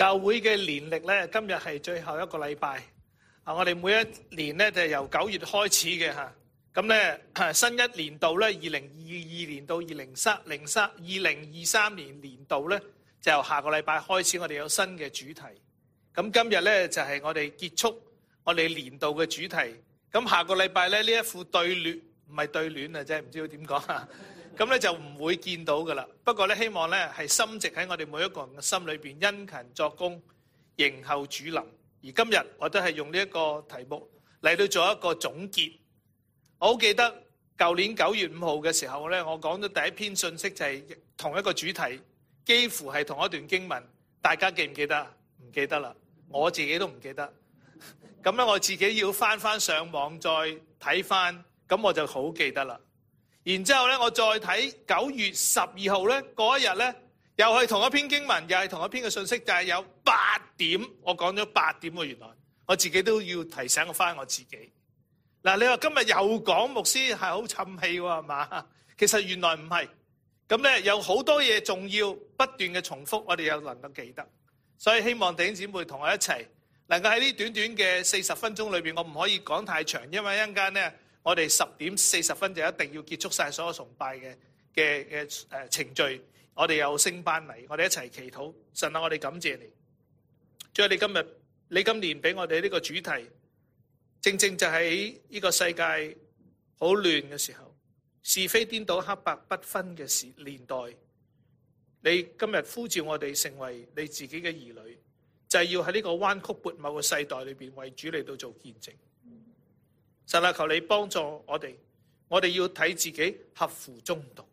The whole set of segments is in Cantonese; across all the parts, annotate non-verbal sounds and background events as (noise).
教會嘅年曆呢，今日係最後一個禮拜。啊，我哋每一年呢就係由九月開始嘅吓。咁呢，新一年度呢，二零二二年到二零三零三二零二三年年度呢就由下個禮拜開始，我哋有新嘅主題。咁今日呢就係、是、我哋結束我哋年度嘅主題。咁下個禮拜呢，呢一副對聯唔係對聯啊，真係唔知道點講啊！咁咧就唔會見到噶啦。不過咧，希望咧係深植喺我哋每一個人嘅心裏邊，殷勤作工，迎候主臨。而今日我都係用呢一個題目嚟到做一個總結。我好記得舊年九月五號嘅時候咧，我講咗第一篇信息就係同一個主題，幾乎係同一段經文。大家記唔記得啊？唔記得啦，我自己都唔記得。咁咧，我自己要翻翻上網再睇翻，咁我就好記得啦。然後我再睇九月十二號咧嗰一日呢，又係同一篇經文，又係同一篇嘅信息，但係有八點，我講咗八點喎。原來我自己都要提醒返我自己。嗱，你話今日又講牧師係好沉氣喎，係嘛？其實原來唔係。咁呢，有好多嘢仲要不斷嘅重複，我哋又能夠記得。所以希望弟兄姐妹同我一齊能夠喺呢短短嘅四十分鐘裏面，我唔可以講太長，因為一陣間我哋十點四十分就一定要結束晒所有崇拜嘅嘅、呃、程序，我哋有升班禮，我哋一齊祈禱，神啊，我哋感謝你。在你今日，你今年俾我哋呢個主題，正正就喺呢個世界好亂嘅時候，是非顛倒、黑白不分嘅年代，你今日呼召我哋成為你自己嘅兒女，就係、是、要喺呢個彎曲悖謬嘅世代裏面為主嚟到做見證。神啊，求你幫助我哋，我哋要睇自己合乎中道。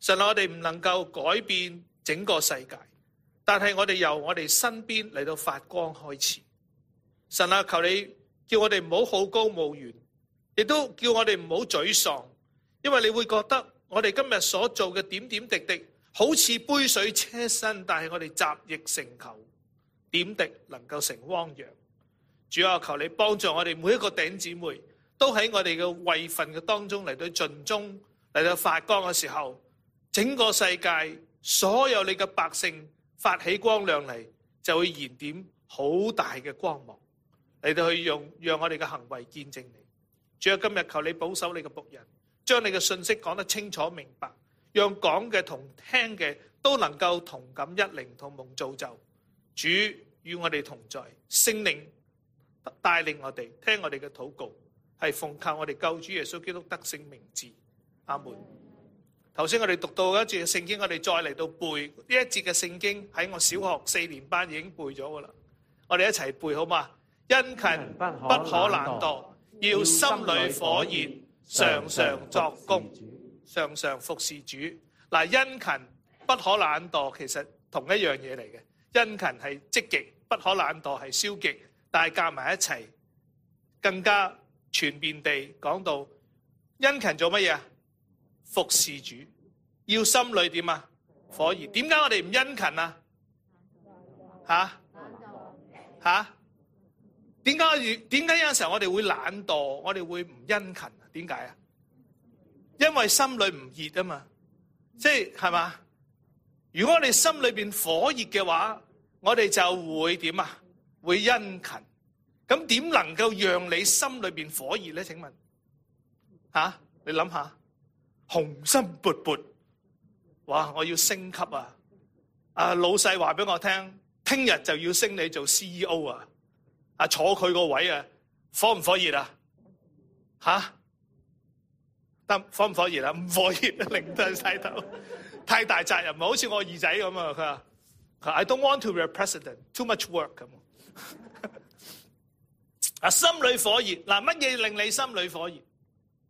神啊，我哋唔能夠改變整個世界，但係我哋由我哋身邊嚟到發光開始。神啊，求你叫我哋唔好好高騖遠，亦都叫我哋唔好沮喪，因為你會覺得我哋今日所做嘅點點滴滴好似杯水車薪，但係我哋集腋成裘，點滴能夠成汪洋。主啊，求你幫助我哋每一個頂姊妹，都喺我哋嘅位份嘅當中嚟到盡忠，嚟到發光嘅時候，整個世界所有你嘅百姓發起光亮嚟，就會燃點好大嘅光芒嚟到去用，讓我哋嘅行為見證你。主啊，今日求你保守你嘅僕人，將你嘅信息講得清楚明白，讓講嘅同聽嘅都能夠同感一靈，同蒙造就。主與我哋同在，聖靈。帶領我哋聽我哋嘅禱告，係奉靠我哋救主耶穌基督得勝名字，阿門。頭先我哋讀到一節聖經，我哋再嚟到背呢一節嘅聖經，喺我小學四年班已經背咗噶啦。我哋一齊背好嘛？殷勤不可懶惰，要心裏火熱，常常作工，常常服侍主。嗱，殷勤不可懶惰，其實同一樣嘢嚟嘅。殷勤係積極，不可懶惰係消極。大夾埋一齊，更加全面地講到殷勤做乜嘢？服侍主要心裏點啊？火熱？點解我哋唔殷勤啊？吓、啊、吓？點、啊、解我哋點解有陣時候我哋會懶惰？我哋會唔殷勤？點解啊？因為心裏唔熱啊嘛，即係係嘛？如果我哋心裏邊火熱嘅話，我哋就會點啊？會殷勤，咁點能夠讓你心裏面火熱呢？請問，吓、啊、你諗下，雄心勃勃，哇！我要升級啊！啊，老細話俾我聽，聽日就要升你做 CEO 啊，啊坐佢個位啊，火唔火熱啊？吓、啊、得火唔火熱啊？唔火熱啊！零蛋晒頭，太大責任，唔好似我二仔咁啊！佢話：I don't want to be a president，too much work 咁。啊， (laughs) 心裏火熱，嗱，乜嘢令你心裏火熱？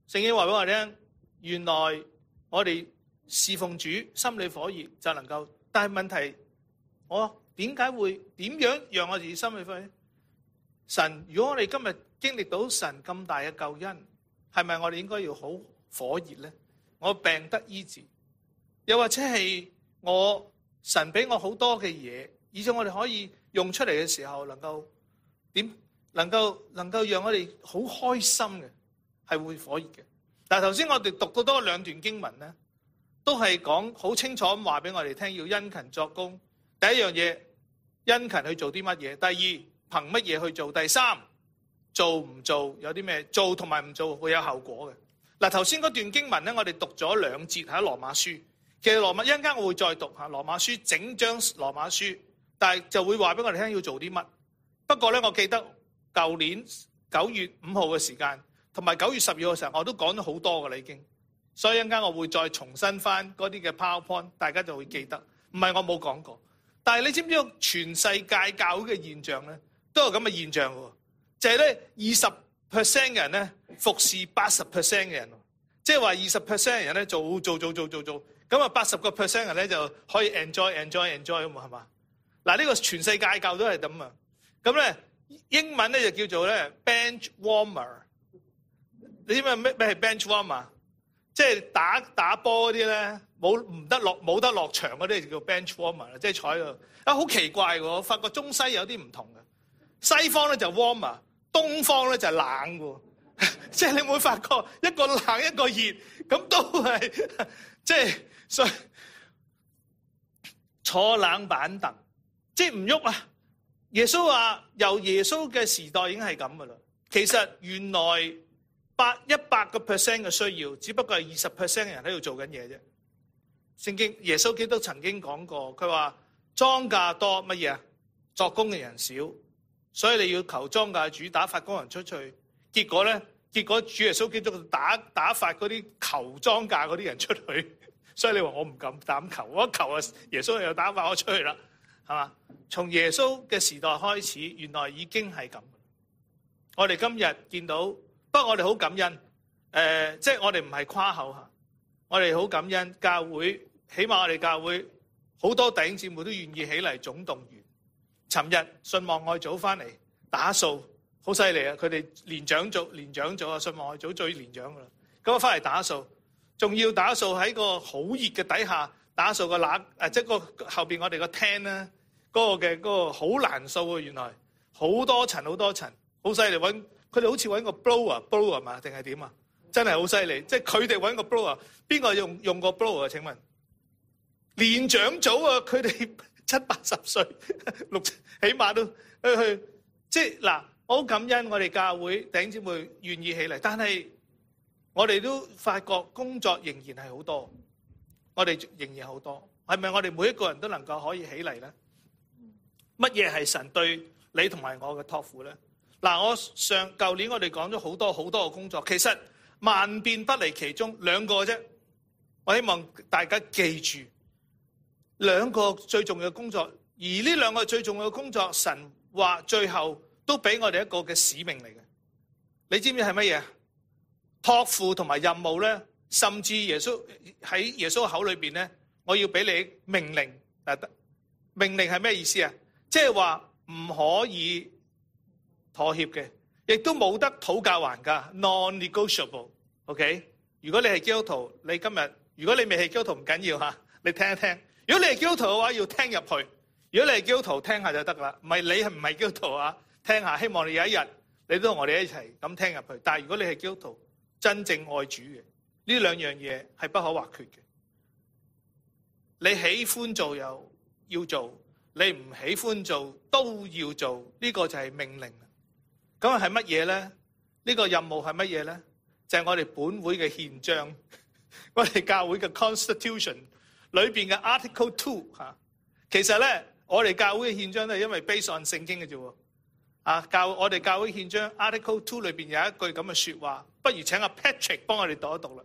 聖經話俾我聽，原來我哋侍奉主，心裏火熱就能夠。但係問題，我點解會點樣讓我哋心裏火熱呢？神，如果我哋今日經歷到神咁大嘅救恩，係咪我哋應該要好火熱呢？我病得醫治，又或者係我神俾我好多嘅嘢，而且我哋可以。用出嚟嘅時候能，能夠點能夠能夠讓我哋好開心嘅，係會火熱嘅。嗱，頭先我哋讀咗多兩段經文咧，都係講好清楚咁話俾我哋聽，要殷勤作工。第一樣嘢，殷勤去做啲乜嘢？第二，憑乜嘢去做？第三，做唔做有啲咩？做同埋唔做會有效果嘅。嗱，頭先嗰段經文咧，我哋讀咗兩節，係《羅馬書》。其實羅《羅馬》，一陣間我會再讀吓，《羅馬書》整張《羅馬書》。但係就會話俾我哋聽要做啲乜。不過咧，我記得舊年九月五號嘅時間，同埋九月十二號嘅時候，我都講咗好多㗎啦已經。所以一陣間，我會再重新翻嗰啲嘅 powerpoint，大家就會記得。唔係我冇講過，但係你知唔知全世界教會嘅現象咧，都有咁嘅現象喎。就係咧，二十 percent 嘅人咧服侍八十 percent 嘅人，即係話二十 percent 嘅人咧做做做做做做，咁啊八十個 percent 人咧就可以 enjoy enjoy enjoy 咁係嘛？嗱、這、呢個全世界教都係咁啊，咁咧英文咧就叫做咧 bench warmer，你知唔知咩咩係 bench warmer？即係打打波嗰啲咧，冇唔得落冇得落場嗰啲就叫 bench warmer 即係坐喺度啊好奇怪喎！我發覺中西有啲唔同嘅，西方咧就 warm e r 東方咧就係冷喎，即、就、係、是、你會發覺一個冷一個熱，咁都係即係坐冷板凳。即係唔喐啊！耶穌話由耶穌嘅時代已經係咁噶啦。其實原來一百個 percent 嘅需要，只不過係二十 percent 嘅人喺度做緊嘢啫。聖經耶穌基督曾經講過，佢話莊稼多乜嘢呀？作工嘅人少，所以你要求莊稼主打發工人出去。結果咧，結果主耶穌基督打打發嗰啲求莊稼嗰啲人出去，所以你話我唔敢膽求，我求啊！耶穌又打發我出去啦。係嘛？從耶穌嘅時代開始，原來已經係咁。我哋今日見到，不過我哋好感恩。誒、呃，即、就、係、是、我哋唔係誇口嚇，我哋好感恩教會。起碼我哋教會好多頂姊妹都願意起嚟總動員。尋日信望愛組翻嚟打掃，好犀利啊！佢哋年長組，年長組啊，信望愛組最年長噶啦。咁啊，翻嚟打掃，仲要打掃喺個好熱嘅底下。打掃個攤，啊，即係個後邊我哋個廳咧，嗰個嘅嗰個好難掃啊！原來好多層好多層，多層好犀利，搵佢哋好似搵個 blower，blower 嘛定係點啊？真係好犀利，即係佢哋搵個 blower，邊個用用個 blower？請問年長組啊，佢哋七八十歲，六起碼都去，去，即嗱，我好感恩我哋教會頂姐妹願意起嚟，但係我哋都發覺工作仍然係好多。我哋仍然好多，係咪？我哋每一個人都能夠可以起嚟咧？乜嘢係神對你同埋我嘅託付咧？嗱，我上舊年我哋講咗好多好多嘅工作，其實萬變不離其中兩個啫。我希望大家記住兩個最重要嘅工作，而呢兩個最重要嘅工作，神話最後都俾我哋一個嘅使命嚟嘅。你知唔知係乜嘢？託付同埋任務咧？甚至耶穌喺耶穌口裏面咧，我要俾你命令得。命令係咩意思啊？即係話唔可以妥協嘅，亦都冇得討價還價 （non-negotiable）。OK，如果你係基督徒，你今日如果你未係基督徒唔緊要嚇，你聽一聽。如果你係基督徒嘅話，要聽入去；如果你係基督徒聽下就得啦。唔係你係唔係基督徒啊？聽下，希望你有一日你都同我哋一齊咁聽入去。但如果你係基督徒真正愛主嘅。呢兩樣嘢係不可或缺嘅。你喜歡做又要做，你唔喜歡做都要做。呢、這個就係命令啦。咁係乜嘢咧？呢、這個任務係乜嘢咧？就係、是、我哋本會嘅憲章，我哋教會嘅 constitution 裏邊嘅 Article Two 吓。其實咧，我哋教會嘅憲章都係因為 based on 聖經嘅啫。啊，教我哋教會憲章 Article Two 裏邊有一句咁嘅說話，不如請阿、啊、Patrick 幫我哋讀一讀啦。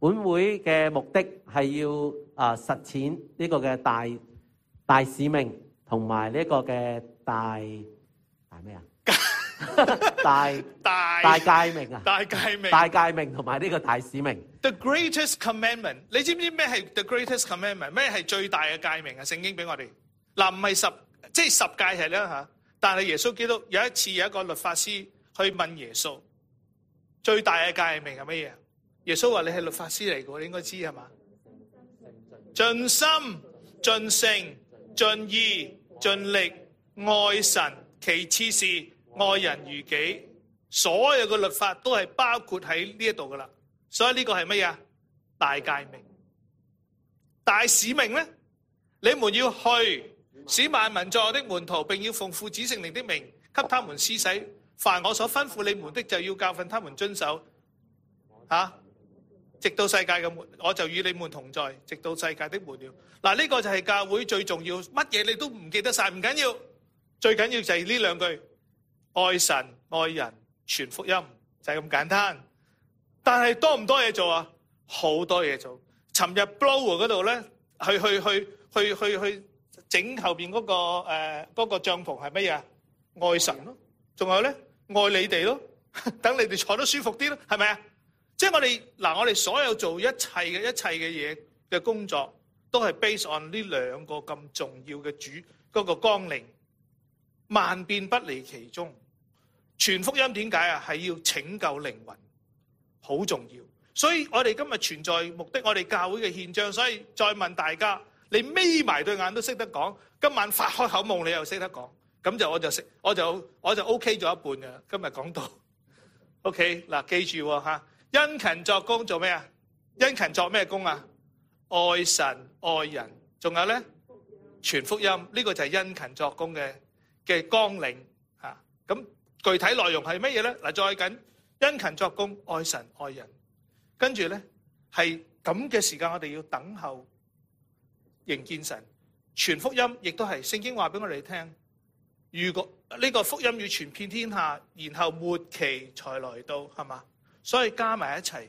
本會嘅目的係要啊實踐呢個嘅大大使命同埋呢個嘅大大咩啊？大 (laughs) 大大誡命啊！大誡命、大誡命同埋呢個大使命。The greatest commandment，你知唔知咩係 the greatest commandment？咩係最大嘅誡命啊？聖經俾我哋嗱，唔係十，即係十誡係啦嚇，但係耶穌基督有一次有一個律法師去問耶穌，最大嘅誡命係乜嘢？耶穌話：你係律法師嚟嘅，你應該知係嘛？盡心、盡性、盡意、盡力，愛神其次是愛人如己。所有嘅律法都係包括喺呢裏度了，所以呢個係乜嘢？大戒命、大使命呢，你們要去使萬民作我的門徒，並要奉父子聖靈的名給他們施洗。凡我所吩咐你們的，就要教訓他們遵守。啊直到世界的末，我就與你們同在。直到世界的末了，嗱，呢個就係教會最重要，乜嘢你都唔記得曬，唔緊要，最緊要就係呢兩句：愛神、愛人、傳福音，就係咁簡單。但係多唔多嘢做啊？好多嘢做。尋日 Blower 嗰度咧，去去去去去去整後邊嗰個誒，嗰個帳篷係乜嘢？愛神咯，仲有咧愛你哋咯，等你哋坐得舒服啲咯，係咪啊？即係我哋嗱，我哋所有做一切嘅一切嘅嘢嘅工作，都係 base on 呢兩個咁重要嘅主嗰、那個綱領，萬變不離其宗。全福音點解啊？係要拯救靈魂，好重要。所以我哋今日存在目的，我哋教會嘅現象。所以再問大家，你眯埋對眼都識得講，今晚發開口夢你又識得講，咁就我就我就我就 OK 咗一半嘅。今日講到 OK 嗱，記住喎、啊殷勤作工做咩啊？殷勤作咩工啊？愛神愛人，仲有咧，全福音呢、這個就係殷勤作工嘅嘅綱領吓。咁、啊、具體內容係乜嘢咧？嗱，再緊殷勤作工愛神愛人，跟住咧係咁嘅時間，我哋要等候迎見神，全福音也是，亦都係聖經話俾我哋聽。如果呢、這個福音要傳遍天下，然後末期才來到，係嘛？所以加埋一齊，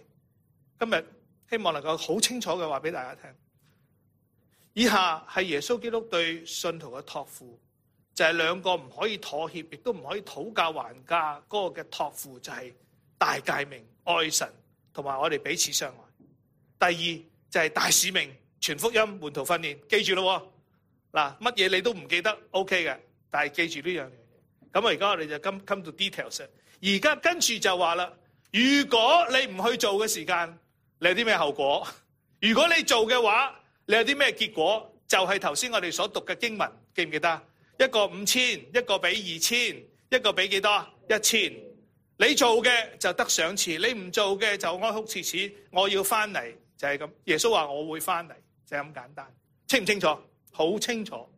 今日希望能夠好清楚嘅話俾大家聽。以下係耶穌基督對信徒嘅託付，就係、是、兩個唔可以妥協，亦都唔可以討價還價嗰、那個嘅託付，就係大誡命愛神，同埋我哋彼此相愛。第二就係大使命，傳福音、門徒訓練，記住咯，嗱乜嘢你都唔記得，OK 嘅，但係記住呢樣嘢。咁啊，而家我哋就 come to details。而家跟住就話啦。如果你唔去做嘅時間，你有啲咩後果？如果你做嘅話，你有啲咩結果？就係頭先我哋所讀嘅經文，記唔記得？一個五千，一個俾二千，一個俾幾多少？一千。你做嘅就得賞賜，你唔做嘅就哀哭切齒。我要翻嚟就係、這樣耶穌話我會翻嚟就係、是、咁簡單，清唔清楚？好清楚。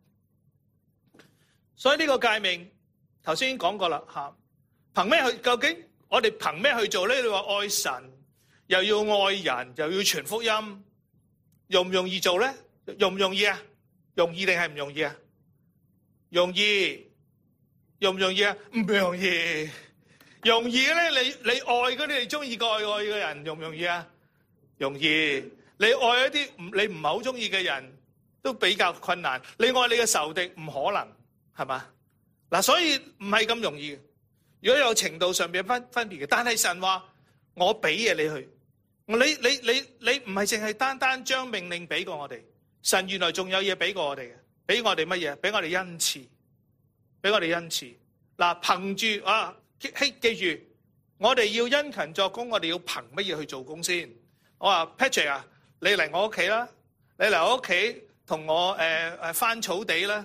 所以呢個誡命頭先講過啦吓，憑咩去？什麼究竟？我哋憑咩去做咧？你話愛神，又要愛人，又要傳福音，容唔容易做咧？容唔容易啊？容易定係唔容易啊？容易，容唔容易啊？唔容易。容易咧，你你愛嗰啲你中意過愛嘅人，容唔容易啊？容易。你愛一啲唔你唔係好中意嘅人，都比較困難。你愛你嘅仇敵，唔可能係嘛？嗱，所以唔係咁容易。如果有程度上面分分別嘅，但係神話我俾嘢你去，你你你你唔係淨係單單將命令俾過我哋。神原來仲有嘢俾過我哋嘅，俾我哋乜嘢？俾我哋恩賜，俾我哋恩賜。嗱，憑住啊，記記住，我哋要殷勤作工，我哋要憑乜嘢去做工先？我話 Patrick 啊，你嚟我屋企啦，你嚟我屋企同我誒翻草地啦。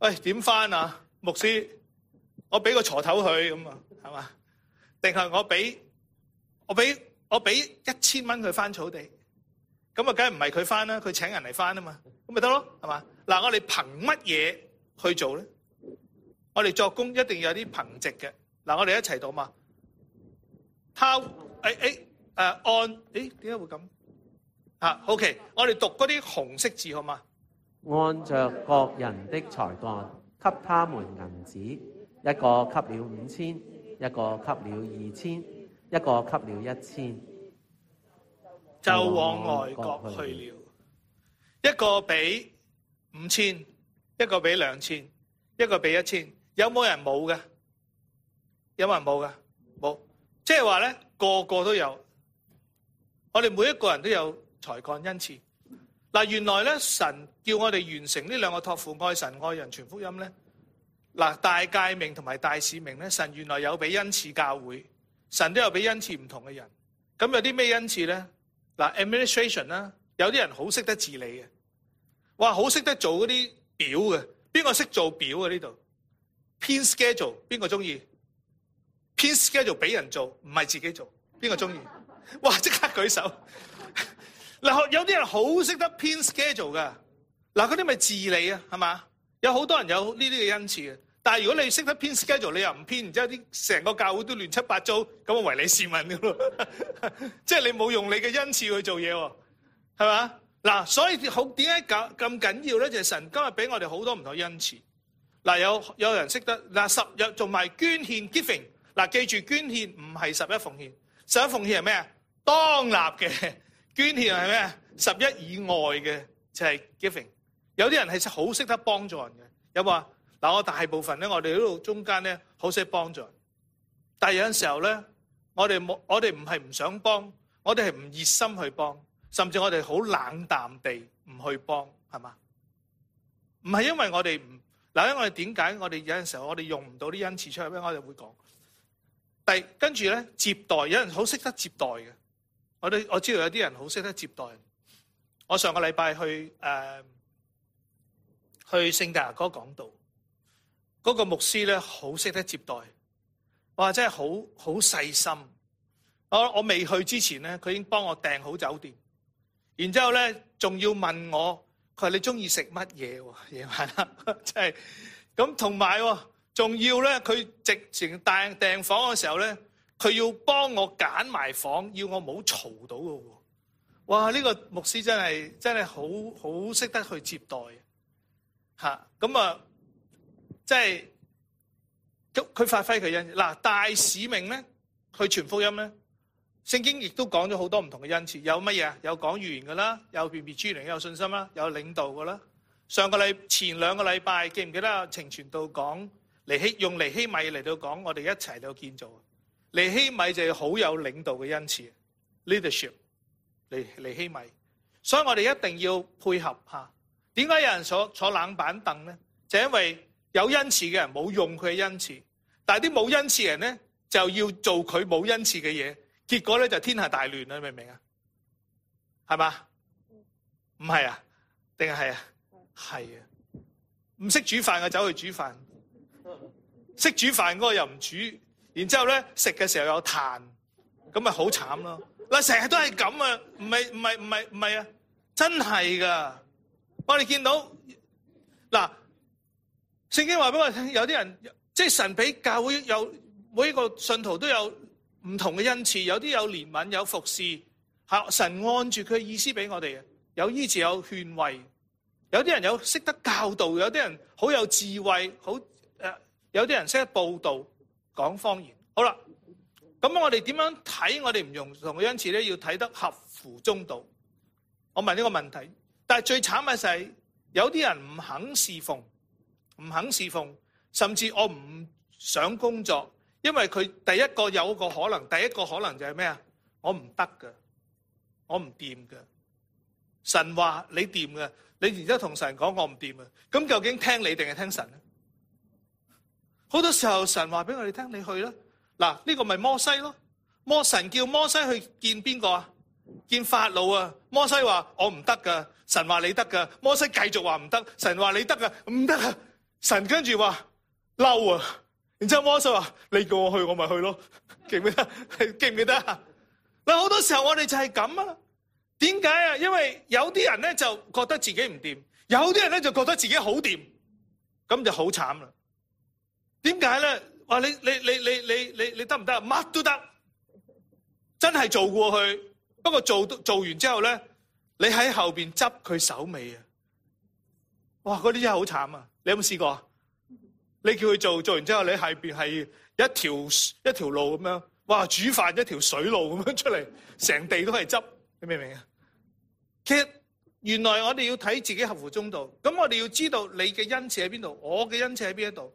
喂、哎，點翻啊，牧師？我畀個鋤頭佢咁啊，係嘛？定係我畀我俾我俾一千蚊佢翻草地，咁啊，梗係唔係佢翻啦？佢請人嚟翻啊嘛，咁咪得咯，係嘛？嗱，我哋憑乜嘢去做咧？我哋作工一定要有啲憑藉嘅。嗱，我哋一齊讀嘛。偷誒誒誒按誒點解會咁啊？OK，我哋讀嗰啲紅色字好嘛？按着各人的才幹，給他們銀子。一個給了五千，一個給了二千，一個給了一千，就往外國去了。一個俾五千，一個俾兩千，一個俾一千，有冇人冇嘅？有冇人冇嘅？冇，即係話咧，個個都有。我哋每一個人都有才幹，因此原來神叫我哋完成呢兩個託付，愛神、愛人、傳福音呢。嗱，大誡命同埋大使命咧，神原來有俾恩賜教會，神都有俾恩賜唔同嘅人。咁有啲咩恩賜咧？嗱，administration 啦，有啲人好識得治理嘅，哇，好識得做嗰啲表嘅。邊個識做表啊？呢度編 schedule，邊個中意？編 schedule 俾人做，唔係自己做，邊個中意？哇！即刻舉手。嗱， (laughs) 有啲人好識得編 schedule 㗎！嗱嗰啲咪治理啊，係嘛？有好多人有呢啲嘅恩賜嘅。但如果你識得編 schedule，你又唔編，然之後啲成個教會都亂七八糟，咁我為你善問嘅咯，即 (laughs) 係你冇用你嘅恩賜去做嘢喎，係嘛？嗱，所以好點解搞咁緊要咧？就係、是、神今日俾我哋好多唔同嘅恩賜。嗱，有有人識得嗱十一做埋捐獻 giving。嗱，記住捐獻唔係十一奉獻，十一奉獻係咩當當立嘅捐獻，係咩十一以外嘅就係、是、giving。有啲人係好識得幫助人嘅，有冇啊？我大部分咧，我哋呢度中間咧，好識幫助。但係有陣時候咧，我哋冇，我哋唔係唔想幫，我哋係唔熱心去幫，甚至我哋好冷淡地唔去幫，係嘛？唔係因為我哋唔嗱，因為我哋點解我哋有陣時候我哋用唔到啲恩賜出去咧？我哋會講。但跟住咧接待，有人好識得接待嘅。我哋我知道有啲人好識得接待。我上個禮拜去、呃、去聖誕阿哥講道。嗰個牧師咧好識得接待，哇！真係好好細心。我我未去之前咧，佢已經幫我訂好酒店，然之後咧仲要問我，佢話你中意食乜嘢夜晚黑？即係咁，同埋仲要咧，佢直情訂訂房嘅時候咧，佢要幫我揀埋房，要我冇嘈到嘅喎。哇！呢個牧師真係真係好好識得去接待嘅吓。咁啊～即係佢佢發揮佢恩嗱大使命咧，佢傳福音咧，聖經亦都講咗好多唔同嘅恩賜。有乜嘢啊？有講語言噶啦，有辨別諸靈，有信心啦，有領導噶啦。上個禮前兩個禮拜，記唔記得啊？程傳道講尼希用尼希米嚟到講，我哋一齊嚟到建造。尼希米就係好有領導嘅恩賜，leadership。尼尼希米，所以我哋一定要配合下。點解有人坐坐冷板凳咧？就因為。有恩賜嘅人冇用佢嘅恩賜，但係啲冇恩賜嘅人咧就要做佢冇恩賜嘅嘢，結果咧就天下大亂啦，你明唔明啊？係嘛？唔係啊？定係啊？係啊！唔識煮飯嘅走去煮飯，識煮飯嗰個又唔煮，然之後咧食嘅時候又彈，咁咪好慘咯！嗱，成日都係咁啊！唔係唔係唔係唔係啊！真係噶，我哋見到嗱。聖經話俾我聽，有啲人即係神俾教會有每一個信徒都有唔同嘅恩賜，有啲有憐憫，有服侍，神按住佢嘅意思俾我哋，有醫治，有勸慰，有啲人有識得教導，有啲人好有智慧，好有啲人識得布道，講方言。好啦，咁我哋點樣睇我哋唔用同嘅恩賜咧？要睇得合乎中道。我問呢個問題，但係最慘嘅就係有啲人唔肯侍奉。唔肯侍奉，甚至我唔想工作，因為佢第一個有個可能，第一個可能就係咩啊？我唔得噶，我唔掂噶。神話你掂噶，你然之後同神講我唔掂啊。咁究竟聽你定係聽神咧？好多時候神話俾我哋聽，你去啦。嗱，呢個咪摩西咯？摩神叫摩西去見邊個啊？見法老啊？摩西話我唔得噶，神話你得噶。摩西繼續話唔得，神話你得㗎！唔得啊！神跟住話嬲啊，然之後摩西話：你叫我去，我咪去咯。記唔記得？記唔記得啊？嗱，好多時候我哋就係咁啊。點解啊？因為有啲人咧就覺得自己唔掂，有啲人咧就覺得自己好掂，咁就好慘啦。點解咧？哇！你你你你你你你得唔得啊？乜都得，真係做過去。不過做做完之後咧，你喺後邊執佢手尾啊！哇！嗰啲真係好慘啊！你有冇試過啊？你叫佢做，做完之後你下邊係一條一條路咁樣，哇！煮飯一條水路咁樣出嚟，成地都係汁，你明唔明啊？其實原來我哋要睇自己合乎中道，咁我哋要知道你嘅恩賜喺邊度，我嘅恩賜喺邊一度，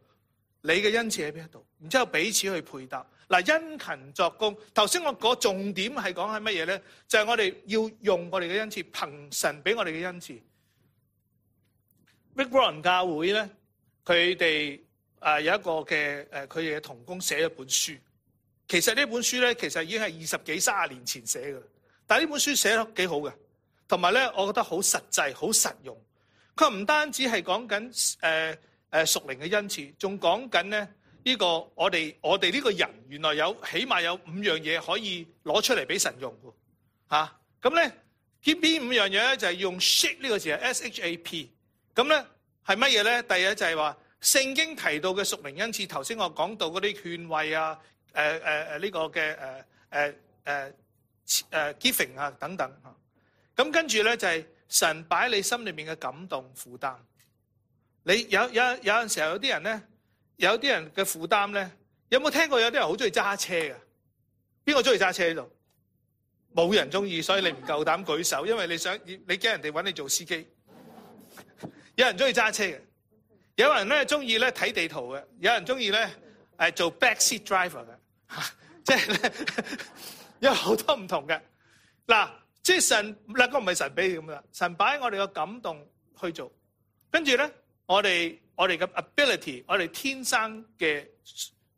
你嘅恩賜喺邊一度，然之後彼此去配搭。嗱，殷勤作工，頭先我講重點係講係乜嘢咧？就係、是、我哋要用我哋嘅恩賜，憑神俾我哋嘅恩賜。w i c b o r n 教會咧，佢哋誒有一個嘅誒，佢哋嘅同工寫咗本書。其實呢本書咧，其實已經係二十幾、三十年前寫嘅。但係呢本書寫得幾好嘅，同埋咧，我覺得好實際、好實用。佢唔單止係講緊誒誒屬靈嘅恩賜，仲講緊咧呢、這個我哋我哋呢個人原來有起碼有五樣嘢可以攞出嚟俾神用嘅。咁咧，偏、啊、偏五樣嘢就係用 shape 呢個字，S H A P。SHAP, 咁咧係乜嘢咧？第二就係話聖經提到嘅屬靈恩賜，頭先我講到嗰啲勸慰啊，誒誒誒呢個嘅誒誒 giving 啊等等嚇。咁、嗯、跟住咧就係、是、神擺喺你心裏面嘅感動負擔。你有有有陣時候有啲人咧，有啲人嘅負擔咧，有冇聽過有啲人好中意揸車嘅？邊個中意揸車喺度？冇人中意，所以你唔夠膽舉手，因為你想你驚人哋揾你做司機。有人中意揸車嘅，有人咧中意咧睇地圖嘅，有人中意咧係做 back seat driver 嘅，嚇、啊，即係 (laughs) (laughs) 有好多唔同嘅。嗱、啊，即係神，嗱，嗰唔係神俾你咁啦，神擺我哋嘅感動去做，跟住咧我哋我哋嘅 ability，我哋天生嘅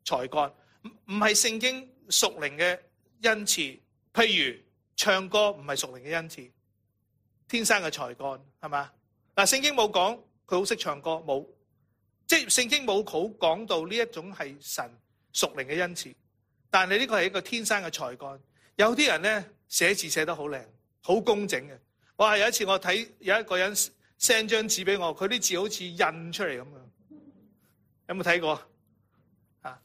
才幹，唔唔係聖經屬靈嘅恩賜。譬如唱歌唔係屬靈嘅恩賜，天生嘅才幹係嘛？是。嗱，聖經冇講佢好識唱歌，冇，即係聖經冇好講到呢一種係神屬靈嘅恩賜。但你呢個係一個天生嘅才幹。有啲人咧寫字寫得好靚，好工整嘅。我係有一次我睇有一個人 send 張紙俾我，佢啲字好似印出嚟咁樣。有冇睇過啊？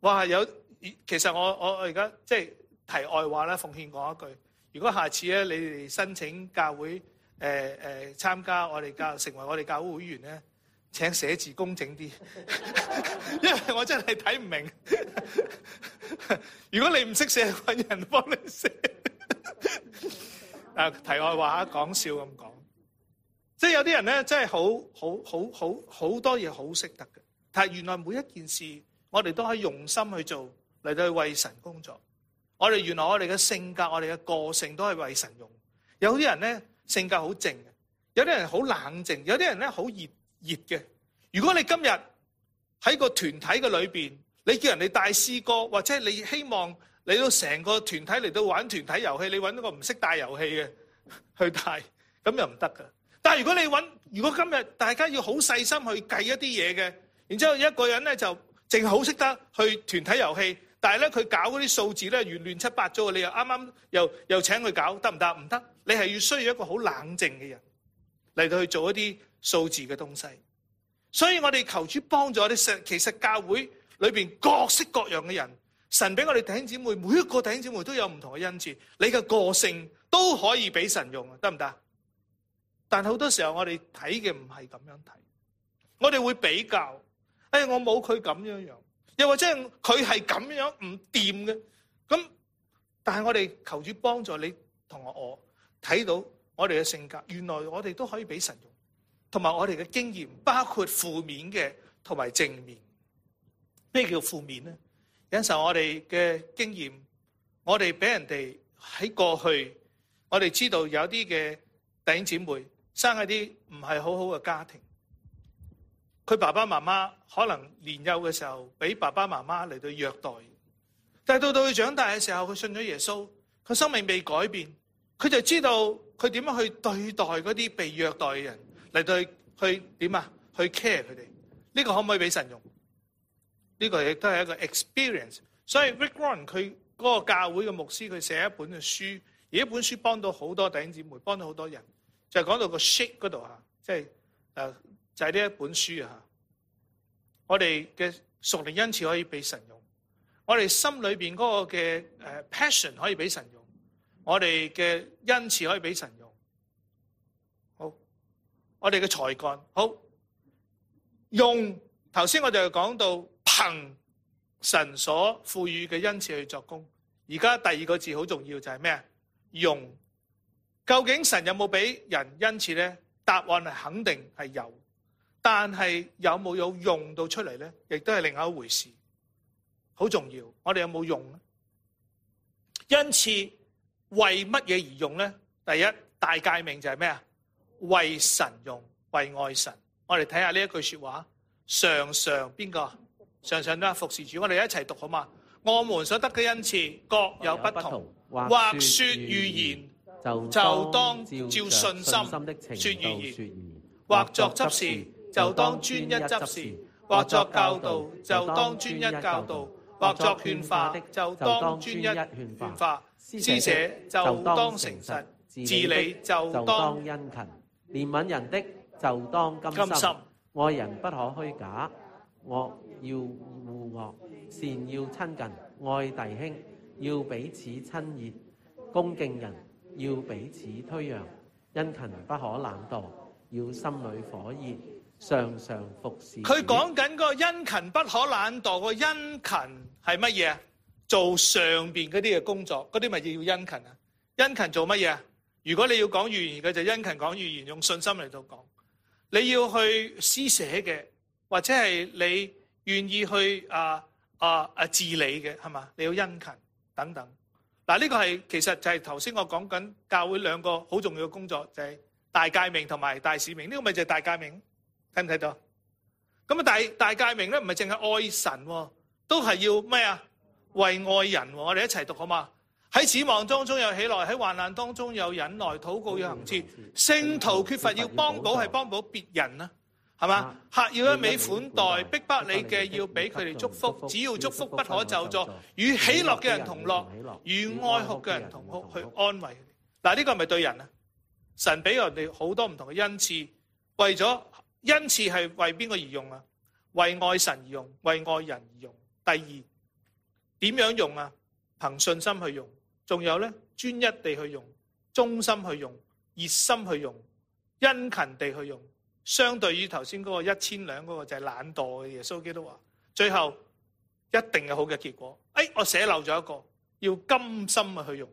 哇！有，其實我我我而家即係題外話咧，奉獻講一句：如果下次咧，你哋申請教會。誒、呃、誒、呃，參加我哋教成為我哋教會會員咧，請寫字工整啲， (laughs) 因為我真係睇唔明。 (laughs) 如果你唔識寫，揾人幫你寫。啊， (laughs) 題外話，講笑咁講， (laughs) 即係有啲人咧，真係好好好好好多嘢好識得嘅。但係原來每一件事，我哋都可以用心去做嚟到去為神工作。我哋原來我哋嘅性格、我哋嘅個性都係為神用。有啲人咧。性格好靜，有啲人好冷靜，有啲人咧好熱熱嘅。如果你今日喺個團體嘅裏面，你叫人哋帶詩歌，或者你希望你到成個團體嚟到玩團體遊戲，你搵到個唔識帶遊戲嘅去帶，咁又唔得噶。但係如果你搵，如果今日大家要好細心去計一啲嘢嘅，然之後一個人咧就淨係好識得去團體遊戲。但係咧，佢搞嗰啲數字咧，越亂七八糟，你又啱啱又又請佢搞，得唔得？唔得！你係要需要一個好冷靜嘅人嚟到去做一啲數字嘅東西。所以我哋求主幫助我哋，神其實教會裏邊各式各樣嘅人，神俾我哋弟兄姊妹每一個弟兄姊妹都有唔同嘅恩賜，你嘅個性都可以俾神用啊，得唔得？但係好多時候我哋睇嘅唔係咁樣睇，我哋會比較，哎，我冇佢咁樣樣。又或者佢係咁樣唔掂嘅，咁但係我哋求主幫助你同我睇到我哋嘅性格，原來我哋都可以俾神用，同埋我哋嘅經驗，包括負面嘅同埋正面。咩叫負面咧？有時候我哋嘅經驗，我哋俾人哋喺過去，我哋知道有啲嘅弟兄姊妹生喺啲唔係好好嘅家庭。佢爸爸媽媽可能年幼嘅時候俾爸爸媽媽嚟到虐待，但係到到佢長大嘅時候，佢信咗耶穌，佢生命未改變，佢就知道佢點樣去對待嗰啲被虐待嘅人嚟到去點啊，去 care 佢哋。呢個可唔可以俾神用？呢個亦都係一個 experience。所以 Rick Warren 佢嗰個教會嘅牧師，佢寫一本嘅書，而一本書幫到好多弟兄姊妹，幫到好多人，就講到個 shit 嗰度啊，即係誒。啊就係呢一本書吓，我哋嘅屬靈恩賜可以俾神用，我哋心裏邊嗰個嘅誒 passion 可以俾神用，我哋嘅恩賜可以俾神用。好，我哋嘅才幹好用。頭先我哋講到憑神所賦予嘅恩賜去作工，而家第二個字好重要就係咩啊？用。究竟神有冇俾人恩賜咧？答案係肯定係有。但係有冇有用到出嚟咧？亦都係另外一回事，好重要。我哋有冇用呢？恩賜為乜嘢而用咧？第一，大誡命就係咩啊？為神用，為愛神。我哋睇下呢一句說話，常常邊個常常都係服侍主。我哋一齊讀好嘛？我們所得嘅恩賜各有不同，或同或說預言，言，就當照信心說預言，言，或作執事。就當專一執事或，或作教導；就當專一教導，或作勸化的；就當專一勸化。施捨就當誠實，治理就當殷勤。憐憫人的就當甘心，愛人不可虛假。惡要互惡，善要親近。愛弟兄要彼此親熱，恭敬人要彼此推讓。殷勤不可懶惰，要心裏火熱。常常服侍佢講緊嗰個殷勤，不可懶惰。嗰個殷勤係乜嘢啊？做上邊嗰啲嘅工作嗰啲咪要殷勤啊？殷勤做乜嘢啊？如果你要講語言嘅，就殷勤講語言，用信心嚟到講。你要去施捨嘅，或者係你願意去啊啊啊治理嘅，係嘛？你要殷勤等等嗱。呢個係其實就係頭先我講緊教會兩個好重要嘅工作，就係大誡命同埋大使命。呢個咪就係大誡命。睇唔睇到？咁啊，大大界明咧，唔係淨係愛神，都係要咩啊？為愛人、啊，我哋一齊讀好嘛？喺指望當中有喜樂，喺患難當中有忍耐，禱告要行善，聖徒缺乏要幫補，係幫補別人啦、啊，係嘛？客要一味款待，逼迫你嘅要俾佢哋祝福，只要祝福不可就坐，與喜樂嘅人同樂，與哀哭嘅人同哭去安慰。嗱，呢、這個係咪對人啊？神俾人哋好多唔同嘅恩賜，為咗。因此係為邊個而用啊？為愛神而用，為愛人而用。第二，點樣用啊？憑信心去用。仲有咧，專一地去用，忠心去用，熱心去用，殷勤地去用。相對於頭先嗰個一千兩嗰個就係懶惰嘅耶穌基督話。最後一定有好嘅結果。誒、哎，我寫漏咗一個，要甘心去用。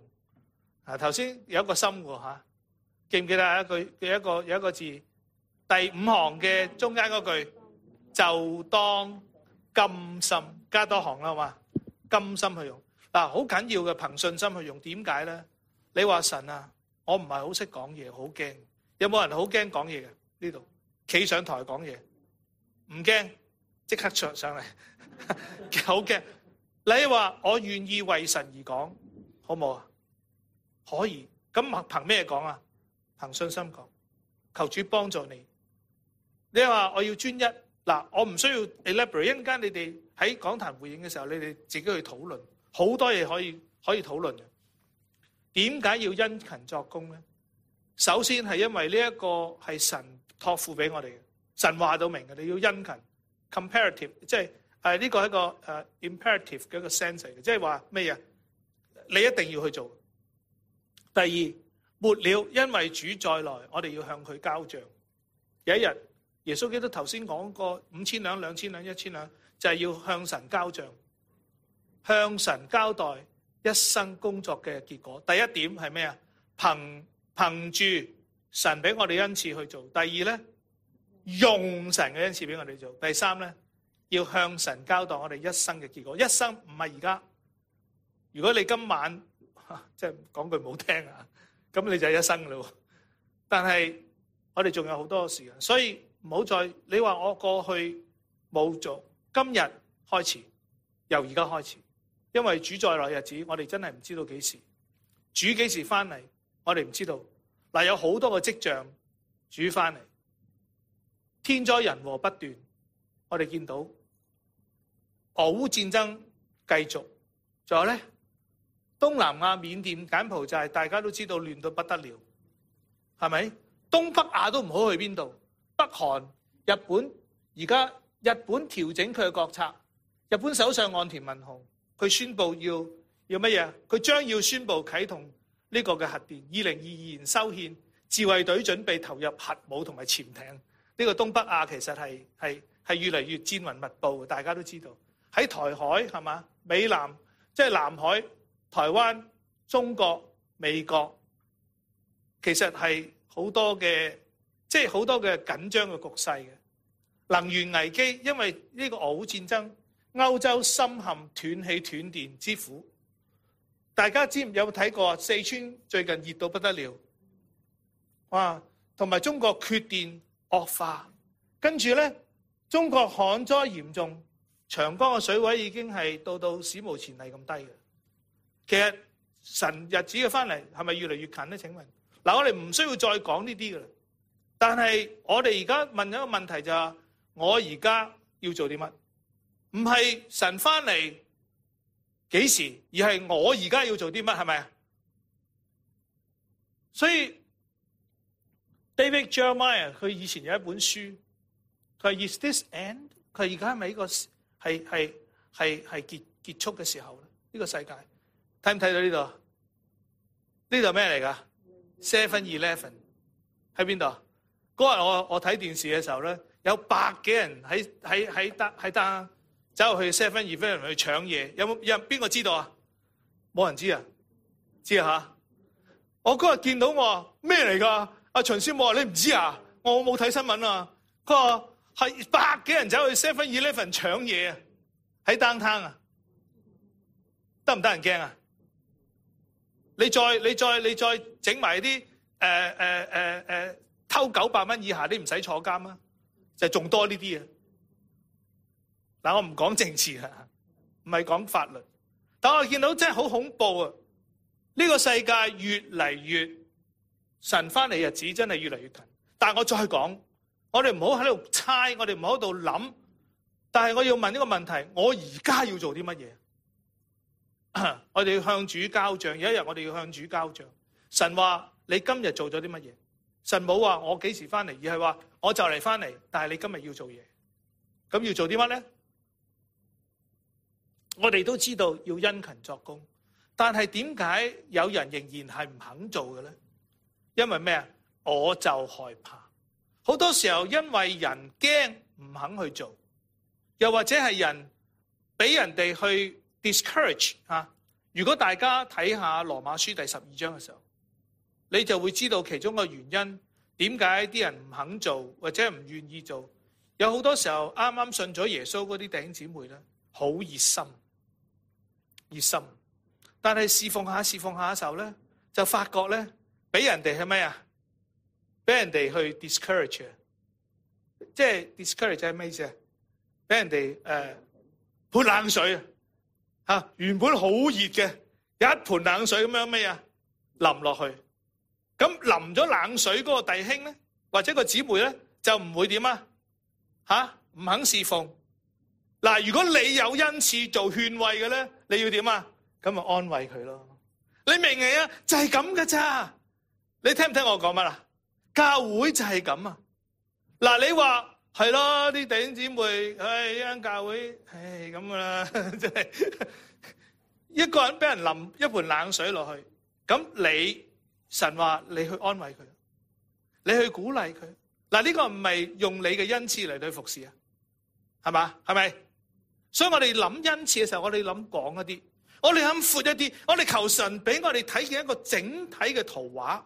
啊，頭先有一個心吓，記唔記得啊？佢有一個有一個字。第五行嘅中間嗰句，就當甘心加多行啦，好嘛？甘心去用嗱，好緊要嘅憑信心去用。點解咧？你話神啊，我唔係好識講嘢，好驚。有冇人好驚講嘢嘅呢度？企上台講嘢唔驚，即刻上上嚟。好 (laughs) 驚，你話我願意為神而講，好唔好啊？可以，咁憑咩講啊？憑信心講，求主幫助你。你話我要專一嗱，我唔需要 elaborate。一陣間你哋喺講壇回應嘅時候，你哋自己去討論，好多嘢可以可以討論嘅。點解要殷勤作工咧？首先係因為呢一個係神託付俾我哋嘅，神話到明嘅，你要殷勤。Comparative 即係係呢個係一個、uh, imperative 嘅一個 sense 嚟嘅，即係話咩嘢？你一定要去做。第二，末了，因為主再來，我哋要向佢交賬。有一日。耶穌基督頭先講過五千兩、兩千兩、一千兩，就係、是、要向神交賬，向神交代一生工作嘅結果。第一點係咩啊？憑憑住神俾我哋恩賜去做。第二咧，用神嘅恩賜俾我哋做。第三咧，要向神交代我哋一生嘅結果。一生唔係而家，如果你今晚即係講句唔好聽啊，咁你就係一生噶啦。但係我哋仲有好多時間，所以。唔好再你話我過去冇做，今日開始，由而家開始，因為主再來日子，我哋真係唔知道幾時，主幾時返嚟，我哋唔知道。嗱，有好多個迹象，主返嚟，天災人禍不斷，我哋見到俄烏戰爭繼續，仲有呢，東南亞緬甸柬埔寨，大家都知道亂到不得了，係咪？東北亞都唔好去邊度。北韓、日本，而家日本調整佢嘅國策，日本首相岸田文雄佢宣布要要乜嘢？佢將要宣布啟動呢個嘅核電。二零二二年修憲，自衛隊準備投入核武同埋潛艇。呢個東北亞其實係係係越嚟越戰雲密佈，大家都知道喺台海係嘛？美南，即係南海、台灣、中國、美國，其實係好多嘅。即係好多嘅緊張嘅局勢嘅能源危機，因為呢個俄烏戰爭，歐洲深陷斷氣斷電之苦。大家知道有冇睇過？四川最近熱到不得了，哇！同埋中國缺電惡化，跟住咧中國旱災嚴重，長江嘅水位已經係到到史無前例咁低嘅。其實神日子嘅翻嚟係咪越嚟越近咧？請問嗱，我哋唔需要再講呢啲嘅啦。但係我哋而家問咗個問題就係、係、我而家要做啲乜？唔係神翻嚟幾時，而係我而家要做啲乜？係咪？所以 David Jeremiah 佢以前有一本書，佢話 Is this end？佢而家係咪呢個係係係係結結束嘅時候咧？呢、呢個世界睇唔睇到呢度？呢度咩嚟噶？Seven Eleven 喺邊度？嗰日我我睇電視嘅時候咧，有百幾人喺喺喺單喺單走去 Seven Eleven 去搶嘢，有冇有邊個知道啊？冇人知啊？知啊，我嗰日見到，我咩嚟㗎？阿秦師母話你唔知啊？我冇睇、啊、新聞啊！佢話係百幾人走去 Seven Eleven 搶嘢啊，喺單攤啊，得唔得人驚啊？你再你再你再整埋啲誒誒誒抽九百蚊以下，你唔使坐監啊！就仲多呢啲啊！嗱，我唔講政治啊，唔係講法律。但我見到真係好恐怖啊！呢個世界越嚟越神翻嚟日子，真係越嚟越近。但係我再講，我哋唔好喺度猜，我哋唔好喺度諗。但係我要問呢個問題：我而家要做啲乜嘢？我哋要向主交賬。有一日我哋要向主交賬。神話你今日做咗啲乜嘢？神冇話我幾時翻嚟，而係話我就嚟翻嚟。但係你今日要做嘢，咁要做啲乜呢？我哋都知道要殷勤作工，但係點解有人仍然係唔肯做嘅呢？因為咩啊？我就害怕。好多時候因為人驚唔肯去做，又或者係人俾人哋去 discourage 啊。如果大家睇下羅馬書第十二章嘅時候。你就會知道其中嘅原因，點解啲人唔肯做或者唔願意做。有好多時候啱啱信咗耶穌嗰啲弟兄姊妹咧，好熱心熱心，但係侍奉下侍奉下嘅時候咧，就發覺咧俾人哋係咩啊？俾人哋去 discourage 啊，即係 discourage 係咩意思啊？俾人哋誒潑冷水嚇，原本好熱嘅一盆冷水咁樣咩啊淋落去。咁淋咗冷水嗰個弟兄咧，或者個姊妹咧，就唔會點啊？吓，唔肯侍奉嗱，啊？如果你有恩賜做勸慰嘅咧，你要點啊？咁咪安慰佢咯？你明唔明啊？就係咁噶咋？你聽唔聽我講乜啦？教會就係咁啊！嗱，啊，你話係咯，啲弟兄姊妹，唉，哎，呢間教會，唉，哎，咁噶啦，真係一個人俾人淋一盆冷水落去，咁你。神話你去安慰佢，你去鼓勵佢。嗱、這、呢個唔係用你嘅恩賜嚟對服侍啊，係嘛？係咪？所以我哋諗恩賜嘅時候，我哋諗廣一啲，我哋諗闊一啲，我哋求神俾我哋睇見一個整體嘅圖畫，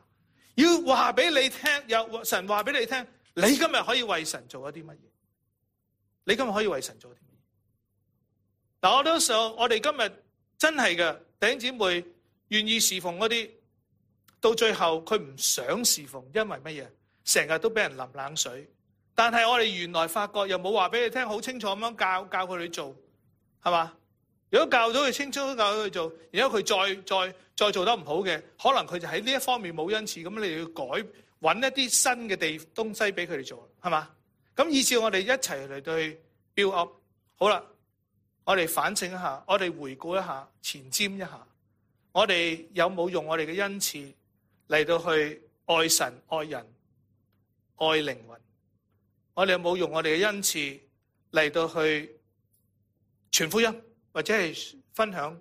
要話俾你聽。有神話俾你聽，你今日可以為神做一啲乜嘢？你今日可以為神做啲乜嘢？但我都想，我哋今日真係嘅頂姊妹願意侍奉嗰啲。到最後佢唔想侍奉，因為乜嘢？成日都俾人淋冷水。但係我哋原來發覺又冇話俾你聽好清楚咁樣教教佢哋做，係嘛？如果教到佢清楚教到佢做，然後佢再再再做得唔好嘅，可能佢就喺呢一方面冇恩賜，咁你要改揾一啲新嘅地東西俾佢哋做，係嘛？咁以致我哋一齊嚟對 build up，好啦，我哋反省一下，我哋回顧一下，前瞻一下，我哋有冇用我哋嘅恩賜？嚟到去愛神愛人愛靈魂，我哋有冇有用我哋嘅恩賜嚟到去傳福音或者係分享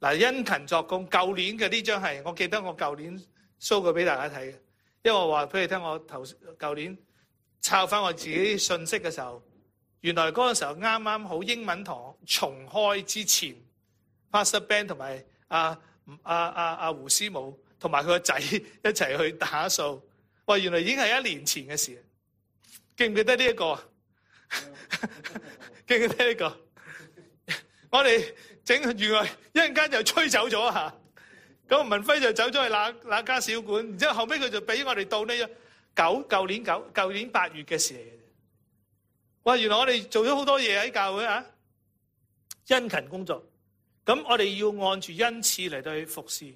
嗱？殷勤作工。舊年嘅呢張係，我記得我舊年 show 過俾大家睇嘅，因為我話，譬如聽我頭舊年抄翻我自己信息嘅時候，原來嗰個時候啱啱好英文堂重開之前，Pastor Ben 同埋阿阿阿阿胡師母。同埋佢個仔一齊去打掃，哇！原來已經係一年前嘅事，記唔記得呢、這、一個？ (laughs) 記唔記得呢、這個？ (laughs) 我哋整，原來一陣間就吹走咗吓，咁文輝就走咗去那哪家小館，然之後後尾佢就俾我哋到呢樣九舊年九舊年八月嘅事嚟嘅，哇！原來我哋做咗好多嘢喺教會啊，殷勤工作，咁我哋要按住恩賜嚟對服侍。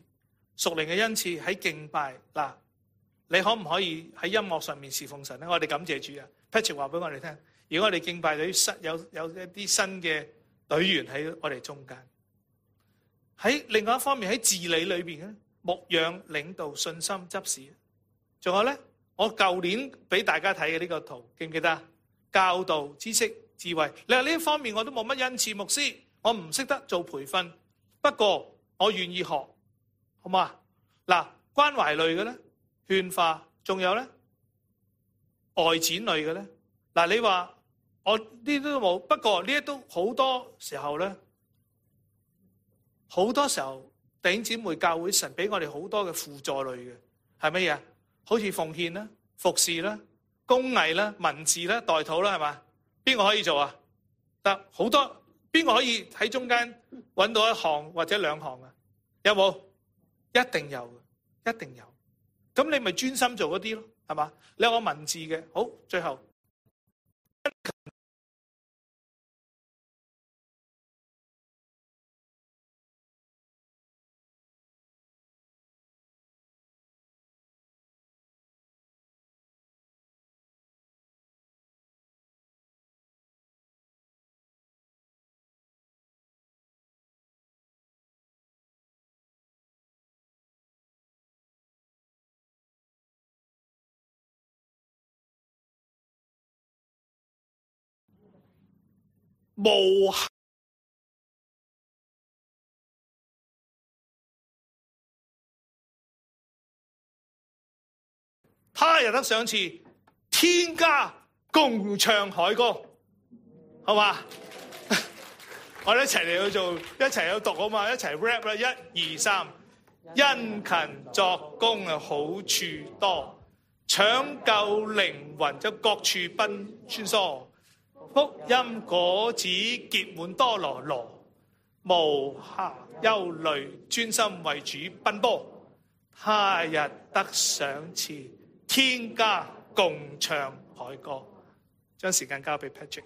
屬靈嘅恩賜喺敬拜嗱，你可唔可以喺音樂上面侍奉神咧？我哋感謝主啊！Patrick 話俾我哋聽，如果我哋敬拜隊新有有一啲新嘅隊員喺我哋中間，喺另外一方面喺治理裏邊咧，牧養領導信心執事。仲有咧，我舊年俾大家睇嘅呢個圖，記唔記得？教導知識智慧，你話呢方面我都冇乜恩賜牧師，我唔識得做培訓，不過我願意學。好嘛？嗱，關懷類嘅咧，勸化，仲有咧，外展類嘅咧。嗱，你話我呢啲都冇，不過呢啲都好多時候咧，好多時候弟兄姊妹教會神俾我哋好多嘅輔助類嘅，係乜嘢啊？好似奉獻啦、服侍啦、工藝啦、文字啦、代禱啦，係嘛？邊個可以做啊？得好多邊個可以喺中間揾到一行或者兩行啊？有冇？一定有，一定有，咁你咪專心做嗰啲咯，係嘛？你有個文字嘅，好，最後。無，他又得上次天家共唱海歌，好嘛？ (laughs) 我哋一齊嚟去做，一齊去讀好嘛？一齊 rap 啦，一二三，殷勤作工嘅好處多，搶救靈魂就各處奔穿梭。福音果子結滿多羅羅，無暇憂慮，專心為主奔波，他日得賞賜，天家共唱凱歌。將時間交俾 Patrick。